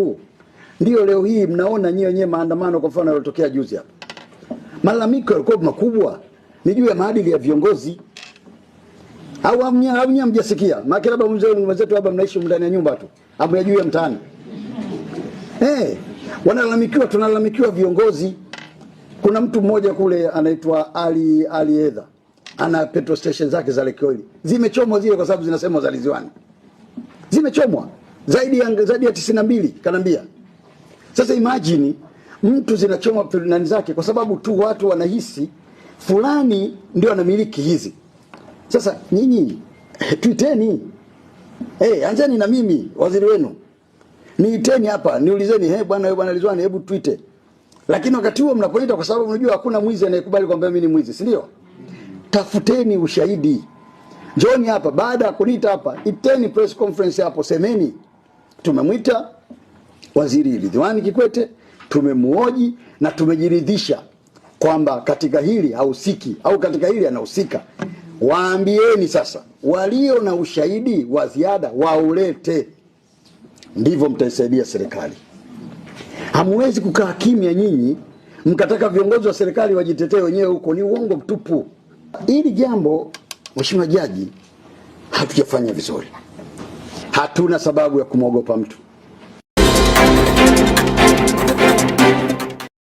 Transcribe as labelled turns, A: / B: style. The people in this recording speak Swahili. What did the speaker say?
A: yangu ndio leo hii mnaona nyewe wenyewe maandamano kwa mfano yalotokea juzi hapa. Malalamiko yalikuwa makubwa ni juu ya maadili ya viongozi. Au amnya mjasikia. Maana labda mzee mwenzetu hapa mnaishi ndani ya nyumba tu. Hapo ya juu ya mtaani. Eh, wanalalamikiwa tunalalamikiwa viongozi. Kuna mtu mmoja kule anaitwa Ali Ali Edha. Ana petrol station zake za Lake Oil. Zimechomwa zile kwa sababu zinasemwa za Liziwani. Zimechomwa zaidi ya zaidi ya mbili kanambia. Sasa imagine mtu zinachoma nani zake kwa sababu tu watu wanahisi fulani ndio anamiliki hizi. Sasa nyinyi eh, tuiteni, hey, eh, anzeni na mimi waziri wenu niiteni hapa niulizeni, he bwana wewe bwana Ridhiwani, hebu tuite. Lakini wakati huo mnapoita, kwa sababu unajua hakuna mwizi anayekubali kwamba mimi ni mwizi, si ndio? Tafuteni ushahidi, njoni hapa. Baada ya kuniita hapa, iteni press conference hapo, semeni tumemwita Waziri Ridhiwani Kikwete, tumemuoji na tumejiridhisha kwamba katika hili hahusiki au katika hili anahusika. Waambieni sasa, walio na ushahidi wa ziada waulete, ndivyo mtaisaidia serikali. Hamwezi kukaa kimya nyinyi mkataka viongozi wa serikali wajitetee wenyewe huko, ni uongo mtupu. Hili jambo, Mheshimiwa Jaji, hatujafanya vizuri hatuna sababu ya kumwogopa mtu.